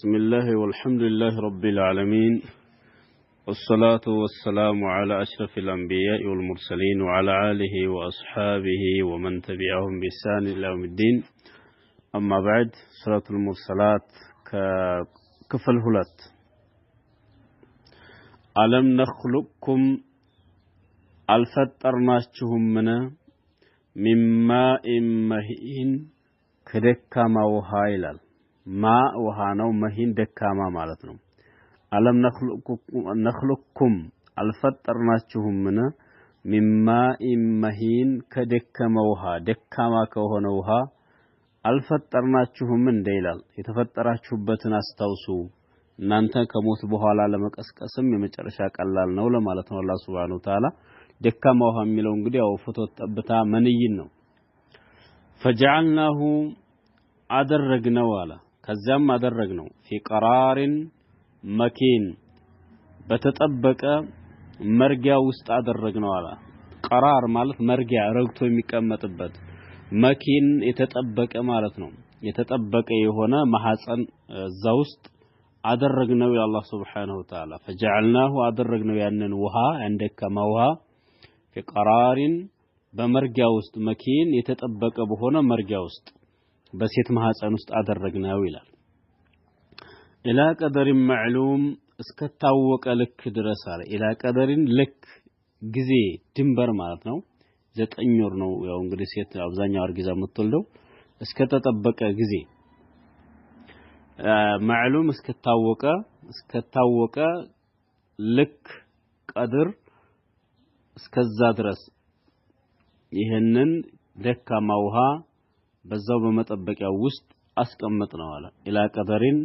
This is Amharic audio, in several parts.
بسم الله والحمد لله رب العالمين والصلاة والسلام على أشرف الأنبياء والمرسلين وعلى آله وأصحابه ومن تبعهم بإحسان إلى يوم الدين أما بعد صلاة المرسلات كفل هلات ألم نخلقكم አልፈጠርናችሁም ምን ሚማኢን መሂኢን ከደካማ ውሃ وهايلل ማ ውሃ ነው። መሂን ደካማ ማለት ነው። አለም ነክልኩም አልፈጠርናችሁምን? ሚማኢን መሂን ከደከመ ውሃ ደካማ ከሆነ ውሃ አልፈጠርናችሁም እንደ ይላል። የተፈጠራችሁበትን አስታውሱ እናንተ ከሞት በኋላ ለመቀስቀስም የመጨረሻ ቀላል ነው ለማለት ነው። አላህ ሱብሓነሁ ወተዓላ ደካማ ውሃ የሚለው እንግዲህ ያው ፍቶት ጠብታ መንይን ነው። ፈጀዐልናሁ አደረግነው አላ ከዚያም አደረግ ነው ቀራሪን መኪን በተጠበቀ መርጊያ ውስጥ አደረግነው አለ። ቀራር ማለት መርጊያ ረግቶ የሚቀመጥበት መኪን የተጠበቀ ማለት ነው። የተጠበቀ የሆነ ማሐፀን እዛ ውስጥ አደረግነው የአላህ ስብሓነሁ ወተዓላ ፈጀዐልናሁ አደረግነው ያንን ውሃ ያንደከማ ውሃ ፊ በመርጊያ ውስጥ መኪን የተጠበቀ በሆነ መርጊያ ውስጥ በሴት ማህፀን ውስጥ አደረግነው ይላል። ኢላ ቀደሪን መዕሉም እስከታወቀ ልክ ድረስ አለ። ኢላ ቀደሪን ልክ ጊዜ ድንበር ማለት ነው። ዘጠኝ ወር ነው። ያው እንግዲህ ሴት አብዛኛው አርጊዛ የምትወልደው እስከተጠበቀ ጊዜ መዕሉም እስከታወቀ እስከታወቀ ልክ ቀድር እስከዛ ድረስ ይህንን ደካማ ውሃ በዛው በመጠበቂያው ውስጥ አስቀምጥ ነው አለ። ኢላ ቀደሪን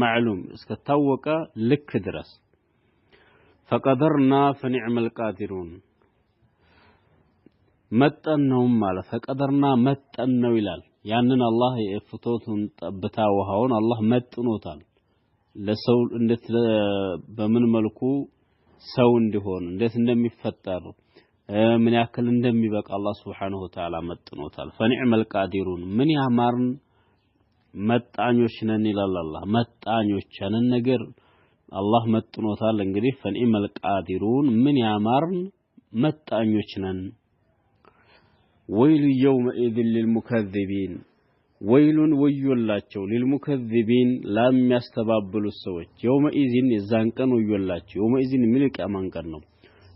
ማዕሉም እስከታወቀ ልክ ድረስ ፈቀደርና ፈኒዕመል ቃዲሩን መጠን ነውም ማለት ፈቀደርና መጠን ነው ይላል። ያንን አላህ የፍቶቱን ጠብታ ውሃውን አላህ መጥኖታል። ለሰው እንዴት በምን መልኩ ሰው እንዲሆን እንዴት እንደሚፈጠር ምን ያክል እንደሚበቃ አላህ ስብሓነሁ ወተዓላ መጥኖታል። ፈኒዕመል ቃዲሩን ምን ያማርን መጣኞች ነን ይላል አላህ። መጣኞች ያንን ነገር አላህ መጥኖታል። እንግዲህ ፈኒዕመል ቃዲሩን ምን ያማርን መጣኞች ነን። ወይሉ የውመኢዝን ሊልሙከዚቢን ወይሉን ወዮላቸው ሊልሙከዚቢን ለሚያስተባብሉት ሰዎች የውመኢዝን የዛን ቀን ወዮላቸው። የውመኢዝን የሚል የቂያማን ቀን ነው።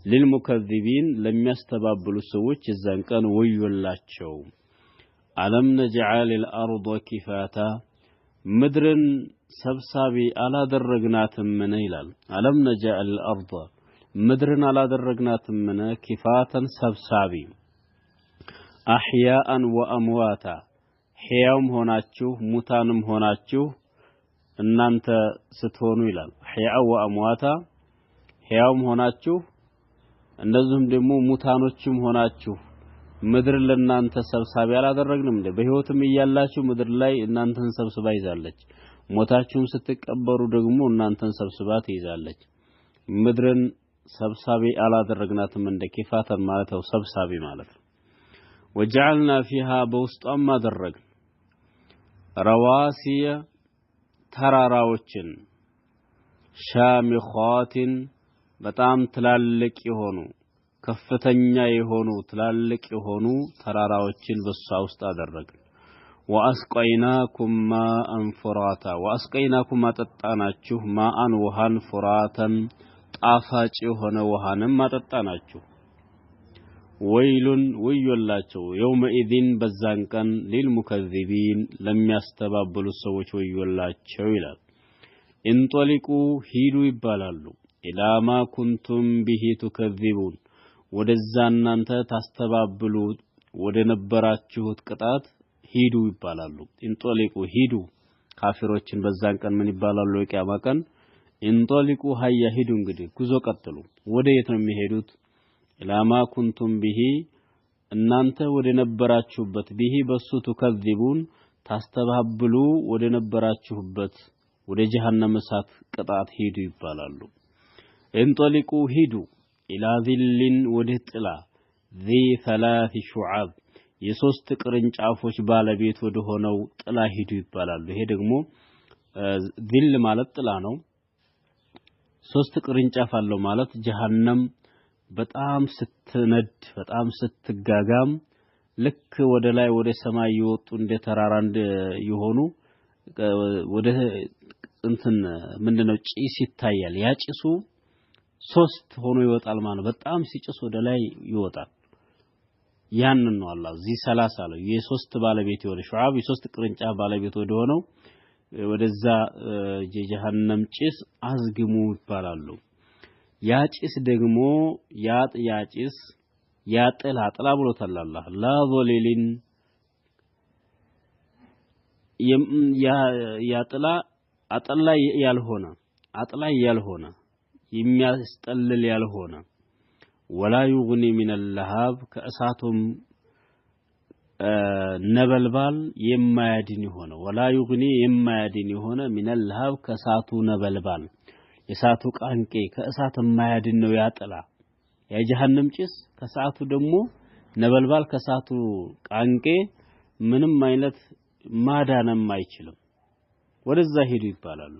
للمكذبين ለሚያስተባብሉ ሰዎች እዛን ቀን ወዮላቸው አለም ነጅዓል ልአርض ኪፋታ ምድርን ሰብሳቢ አላደረግናትምን ይላል አለም ነጅዓል ልአርض ምድርን አላደረግናትምን ኪፋተን ሰብሳቢ አሕያአን ወአምዋታ ሕያውም ሆናችሁ ሙታንም ሆናችሁ እናንተ ስትሆኑ ይላል ሕያው ወአምዋታ ሕያውም ሆናችሁ እንደዚሁም ደግሞ ሙታኖችም ሆናችሁ ምድር ለእናንተ ሰብሳቢ አላደረግንም እንዴ? በህይወትም እያላችሁ ምድር ላይ እናንተን ሰብስባ ይዛለች። ሞታችሁም ስትቀበሩ ደግሞ እናንተን ሰብስባ ትይዛለች። ምድርን ሰብሳቢ አላደረግናትም እንደ ኪፋተን ማለት ያው ሰብሳቢ ማለት ነው። ወጀዐልና ፊሃ በውስጧም አደረግን ረዋሲየ ተራራዎችን ሻሚኻትን በጣም ትላልቅ የሆኑ ከፍተኛ የሆኑ ትላልቅ የሆኑ ተራራዎችን በሷ ውስጥ አደረግን። ወአስቀይናኩም ማአን ፉራታ ወአስቀይናኩም አጠጣናችሁ ማአን ውሃን ፉራተን ጣፋጭ የሆነ ውሃንም አጠጣናችሁ። ወይሉን ወዮላቸው የውመኢዚን በዛን ቀን ሊልሙከዚቢን ለሚያስተባብሉት ሰዎች ወዮላቸው ይላል። እንጦሊቁ ሂዱ ይባላሉ። ኢላማ ኩንቱም ቢሂ ቱከዚቡን ወደዛ እናንተ ታስተባብሉ ወደ ነበራችሁት ቅጣት ሂዱ ይባላሉ። ኢንጦሊቁ ሂዱ። ካፊሮችን በዛን ቀን ምን ይባላሉ? የቂያማ ቀን ኢንጦሊቁ ሀያ ሂዱ። እንግዲህ ጉዞ ቀጥሉ። ወደ የት ነው የሚሄዱት? ኢላማ ኩንቱም ብሂ እናንተ ወደ ነበራችሁበት፣ ብሂ በሱ ቱከዚቡን ታስተባብሉ ወደ ነበራችሁበት ወደ ጀሃነም እሳት ቅጣት ሂዱ ይባላሉ። እንጠሊቁ ሂዱ ኢላ ዚልን ወደ ጥላ ዚ ሰላሲ ሹዓብ የሶስት ቅርንጫፎች ባለቤት ወደ ሆነው ጥላ ሂዱ ይባላሉ። ይሄ ደግሞ ዚል ማለት ጥላ ነው። ሶስት ቅርንጫፍ አለው ማለት ጀሃነም በጣም ስትነድ በጣም ስትጋጋም ልክ ወደ ላይ ወደ ሰማይ የወጡ እንደ ተራራ እንደ የሆኑ ወደ እንትን ምንድነው ጭስ ይታያል። ያ ጭሱ ሶስት ሆኖ ይወጣል ማለት በጣም ሲጭስ ወደ ላይ ይወጣል። ያንን ነው አላህ እዚህ ሰላሳ ነው የሶስት ባለቤት የሆነ ሹዓብ የሶስት ቅርንጫፍ ባለቤት ወደ ሆነው ወደዛ የጀሃነም ጭስ አዝግሙ ይባላሉ። ያ ጭስ ደግሞ ያ ያ ጭስ ያ ጥላ ጥላ ብሎታል አላህ ላ ዞሊሊን ያ ጥላ አጠላይ ያልሆነ አጥላይ ያልሆነ የሚያስጠልል ያልሆነ ወላ ዩግኒ ሚን ለሃብ ከእሳቱም ነበልባል የማያድን የሆነ ወላ ዩግኒ የማያድን የሆነ ሚን ለሃብ ከእሳቱ ነበልባል የእሳቱ ቃንቄ ከእሳት የማያድን ነው ያጥላ የጀሃነም ጭስ ከእሳቱ ደግሞ ነበልባል ከእሳቱ ቃንቄ ምንም አይነት ማዳንም አይችልም። ወደዛ ሄዱ ይባላሉ።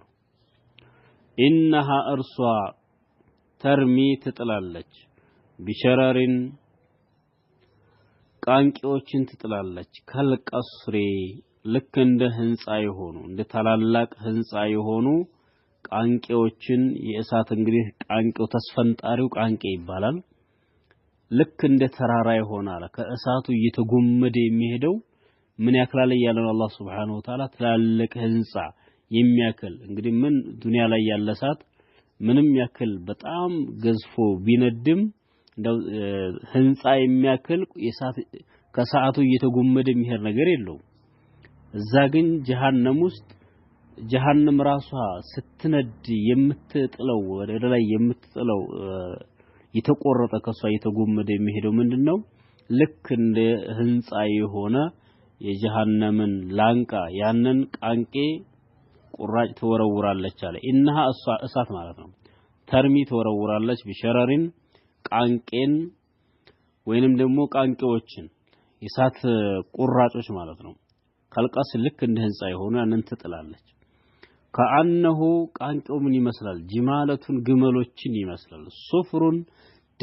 ኢነሃ እርሷ ተርሚ ትጥላለች። ቢሸረሪን ቃንቂዎችን ትጥላለች። ከልቀስሬ ልክ እንደ ህንፃ የሆኑ እንደ ታላላቅ ህንፃ የሆኑ ቃንቄዎችን የእሳት እንግዲህ ቃንቄው ተስፈንጣሪው ቃንቄ ይባላል። ልክ እንደ ተራራ ይሆናል። ከእሳቱ እየተጎመደ የሚሄደው ምን ያክላል እያለ ነው አላህ ሱብሓነሁ ወተዓላ። ትላልቅ ህንፃ የሚያክል እንግዲህ ምን ዱንያ ላይ ያለ እሳት ምንም ያክል በጣም ገዝፎ ቢነድም እንደው ህንፃ የሚያክል ከሰዓቱ እየተጎመደ የሚሄድ ነገር የለውም። እዛ ግን ጀሃነም ውስጥ ጀሃነም ራሷ ስትነድ የምትጥለው ወደ ላይ የምትጥለው የተቆረጠ ከሷ እየተጎመደ የሚሄደው ምንድን ነው? ልክ እንደ ህንፃ የሆነ የጀሃነምን ላንቃ ያንን ቃንቄ ቁራጭ ትወረውራለች አለ። ኢነሃ እሳት ማለት ነው። ተርሚ ትወረውራለች ቢሸረሪን ቃንቄን ወይንም ደግሞ ቃንቄዎችን የእሳት ቁራጮች ማለት ነው። ከልቀስ ልክ እንደ ህንፃ የሆኑ ያንን ትጥላለች። ከአነሁ ቃንቄው ምን ይመስላል? ጅማለቱን ግመሎችን ይመስላል። ሱፍሩን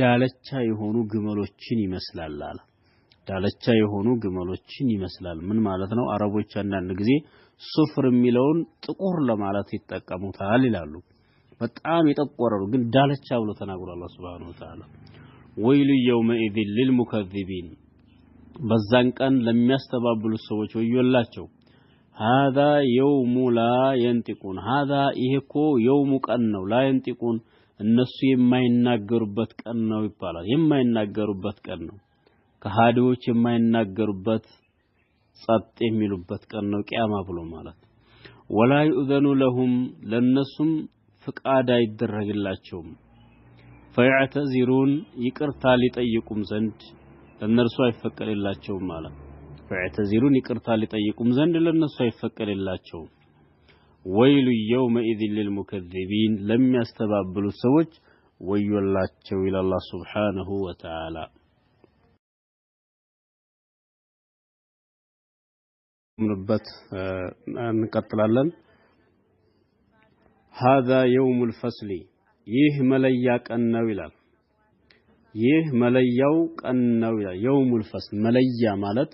ዳለቻ የሆኑ ግመሎችን ይመስላል አለ። ዳለቻ የሆኑ ግመሎችን ይመስላል። ምን ማለት ነው? አረቦች አንዳንድ ጊዜ ሱፍር የሚለውን ጥቁር ለማለት ይጠቀሙታል ይላሉ። በጣም የጠቆረ ነው፣ ግን ዳለቻ ብሎ ተናግሯል አላህ ሱብሓነሁ ወተዓላ። ወይሉ ሊል ሊልሙከዚቢን፣ በዛን ቀን ለሚያስተባብሉት ሰዎች ወዮላቸው። ሃዛ የውሙ ላ የንጢቁን፣ ሃዛ ይሄ እኮ የውሙ ቀን ነው። ላ የንጢቁን፣ እነሱ የማይናገሩበት ቀን ነው ይባላል። የማይናገሩበት ቀን ነው ከሃዲዎች የማይናገሩበት ጸጥ የሚሉበት ቀን ነው ቅያማ ብሎ ማለት ወላ ዩእዘኑ ለሁም ለነሱም ፍቃድ አይደረግላቸውም ፈይዕተዚሩን ይቅርታ ሊጠይቁም ዘንድ ለነርሱ አይፈቀድላቸውም ማለት ፈይዕተዚሩን ይቅርታ ሊጠይቁም ዘንድ ለነሱ አይፈቀድላቸውም ወይሉ የውመኢዝን ልልሙከዚቢን ለሚያስተባብሉት ሰዎች ወዮላቸው ይላል አላህ ሱብሓነሁ ወተዓላ ምንበት እንቀጥላለን። ሀዛ የውሙል ፈስሊ ይህ መለያ ቀን ነው ይላል። ይህ መለያው ቀን ነው ይላል። የውሙል ፈስል መለያ ማለት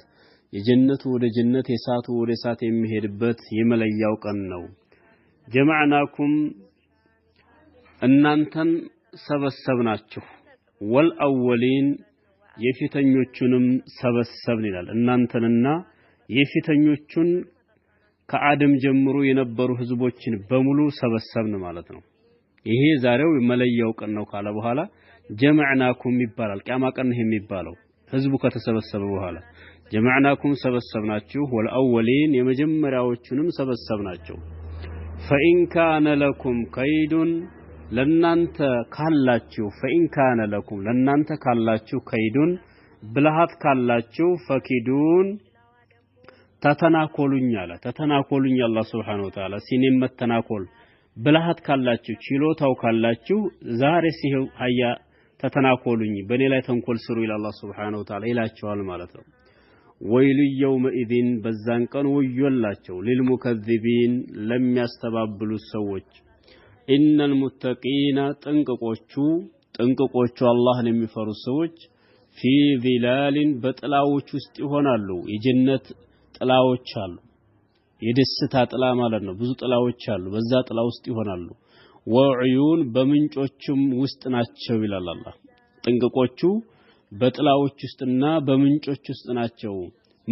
የጀነቱ ወደ ጀነት የሳቱ ወደ ሳት የሚሄድበት የመለያው ቀን ነው። ጀማዕናኩም እናንተን ሰበሰብናችሁ፣ ወልአወሊን የፊተኞቹንም ሰበሰብን ይላል እናንተንና የፊተኞቹን ከአደም ጀምሮ የነበሩ ህዝቦችን በሙሉ ሰበሰብን ማለት ነው። ይሄ ዛሬው መለያው ቀን ነው ካለ በኋላ ጀመዕናኩም ይባላል። ቂያማ ቀን ነው የሚባለው ህዝቡ ከተሰበሰበ በኋላ ጀመዕናኩም ሰበሰብናችሁ፣ ወልአወሊን የመጀመሪያዎቹንም ሰበሰብናቸው። ፈኢን ካነ ለኩም ከይዱን ለናንተ ካላችሁ ፈኢን ካነ ለኩም ለናንተ ካላችሁ ከይዱን ብልሃት ካላችሁ ፈኪዱን ተተናኮሉኝ አለ። ተተናኮሉኝ አላህ ሱብሓነሁ ወተዓላ ሲኔም መተናኮል ብልሃት ካላችሁ ችሎታው ካላችሁ ዛሬ ሲሄው ሀያ ተተናኮሉኝ በእኔ ላይ ተንኮል ስሩ ይላል አላህ ሱብሓነሁ ወተዓላ ይላቸዋል ማለት ነው። ወይሉ የውመኢዚን በዛን ቀን ወዮላቸው ሊልሙከዚቢን ለሚያስተባብሉት ሰዎች ኢነል ሙተቂነ ጥንቅቆቹ ጥንቅቆቹ አላህን የሚፈሩት ሰዎች ፊ ዚላልን በጥላዎች ውስጥ ይሆናሉ የጀነት ጥላዎች አሉ። የደስታ ጥላ ማለት ነው። ብዙ ጥላዎች አሉ። በዛ ጥላ ውስጥ ይሆናሉ። ወዕዩን በምንጮችም ውስጥ ናቸው ይላል አላህ። ጥንቅቆቹ በጥላዎች ውስጥና በምንጮች ውስጥ ናቸው።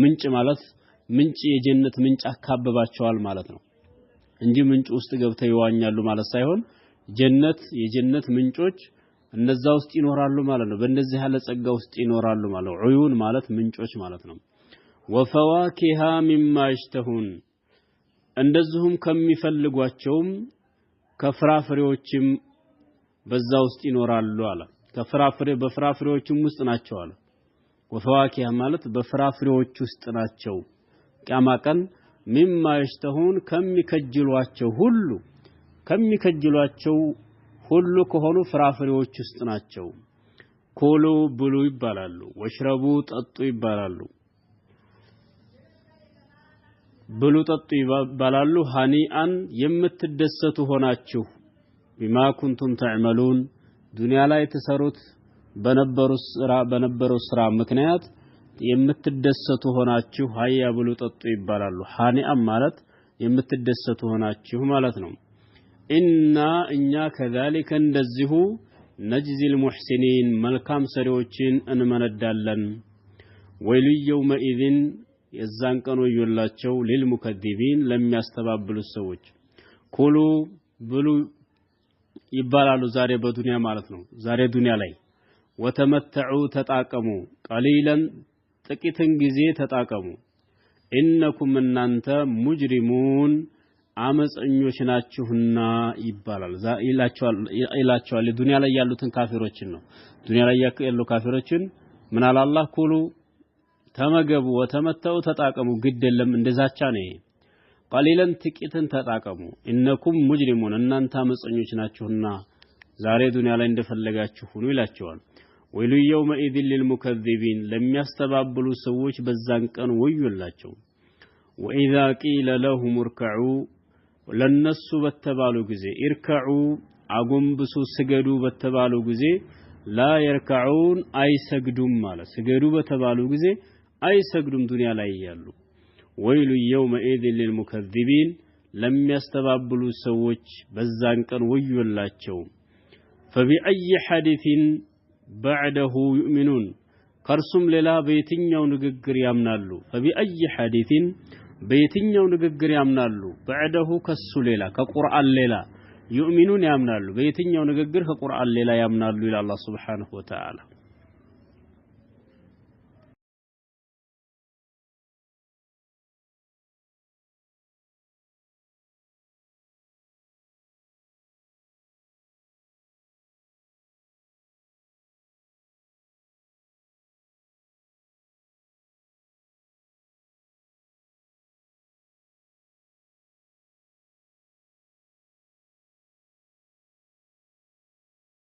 ምንጭ ማለት ምንጭ የጀነት ምንጭ አካብባቸዋል ማለት ነው እንጂ ምንጭ ውስጥ ገብተው ይዋኛሉ ማለት ሳይሆን ጀነት የጀነት ምንጮች እነዛ ውስጥ ይኖራሉ ማለት ነው። በእነዚህ ያለ ጸጋ ውስጥ ይኖራሉ ማለት ነው። ዑዩን ማለት ምንጮች ማለት ነው። ወፈዋኪሃ ሚማ ይሽተሁን እንደዚሁም ከሚፈልጓቸውም ከፍራፍሬዎችም በዛ ውስጥ ይኖራሉ አለ። ከፍራፍሬ በፍራፍሬዎችም ውስጥ ናቸው አለ። ወፈዋኪሃ ማለት በፍራፍሬዎች ውስጥ ናቸው። ቂያማ ቀን ሚማ ይሽተሁን ከሚከጅሏቸው ሁሉ ከሚከጅሏቸው ሁሉ ከሆኑ ፍራፍሬዎች ውስጥ ናቸው። ኩሉ ብሉ ይባላሉ። ወሽረቡ ጠጡ ይባላሉ። ብሉ ጠጡ ይባላሉ። ሃኒአን የምትደሰቱ ሆናችሁ ቢማ ኩንቱም ተዕመሉን ዱንያ ላይ ተሰሩት በነበረው ስራ ምክንያት የምትደሰቱ ሆናችሁ ሀያ ብሉ ጠጡ ይባላሉ። ሀኒአን ማለት የምትደሰቱ ሆናችሁ ማለት ነው። ኢና እኛ ከዛሊከ እንደዚሁ ነጅዚል ሙሕሲኒን መልካም ሰሪዎችን እንመነዳለን። ወይሉ የውመኢዝን የዛን ቀን ወዮላቸው ሙከዲቢን ለሚያስተባብሉት ሰዎች ኩሉ ብሉ ይባላሉ። ዛሬ በዱንያ ማለት ነው። ዛሬ ዱንያ ላይ ወተመተዑ ተጣቀሙ፣ ቀሊለን ጥቂትን ጊዜ ተጣቀሙ። ኢነኩም እናንተ ሙጅሪሙን አመፀኞች ናችሁና ይባላል ይላቸዋል። ዱንያ ላይ ያሉትን ካፊሮችን ነው። ዱንያ ላይ ያሉ ካፊሮችን ምናል አላህ ኩሉ ተመገቡ፣ ወተመተው ተጣቀሙ፣ ግድ የለም እንደዛቻ ነው። ቀሊለን ጥቂትን ተጣቀሙ፣ እነኩም ሙጅሪሙን እናንተ አመፀኞች ናችሁና ዛሬ ዱንያ ላይ እንደፈለጋችሁ ሁኑ ይላቸዋል። ወይሉ የውመ የውመኢዝን ሊልሙከዚቢን ለሚያስተባብሉ ሰዎች በዛን ቀን ወዮላቸው። ወኢዛ ቂለ ለሁም እርከዑ ለነሱ በተባሉ ጊዜ ኢርከዑ አጎንብሱ ስገዱ በተባሉ ጊዜ ላ የርካዑን አይሰግዱም ማለት ስገዱ በተባሉ ጊዜ አይሰግዱም ዱንያ ላይ እያሉ ወይሉ የውመኢዝን ሊልሙከዚቢን ለሚያስተባብሉ ሰዎች በዛን ቀን ወዮላቸው ፈቢአይ ሐዲሲን ባዕደሁ ዩእሚኑን ከእርሱም ሌላ በየትኛው ንግግር ያምናሉ ፈቢአይ ሐዲሲን በየትኛው ንግግር ያምናሉ ባዕደሁ ከሱ ሌላ ከቁርአን ሌላ ዩእሚኑን ያምናሉ በየትኛው ንግግር ከቁርአን ሌላ ያምናሉ ይላል አላህ ስብሓንሁ ወተዓላ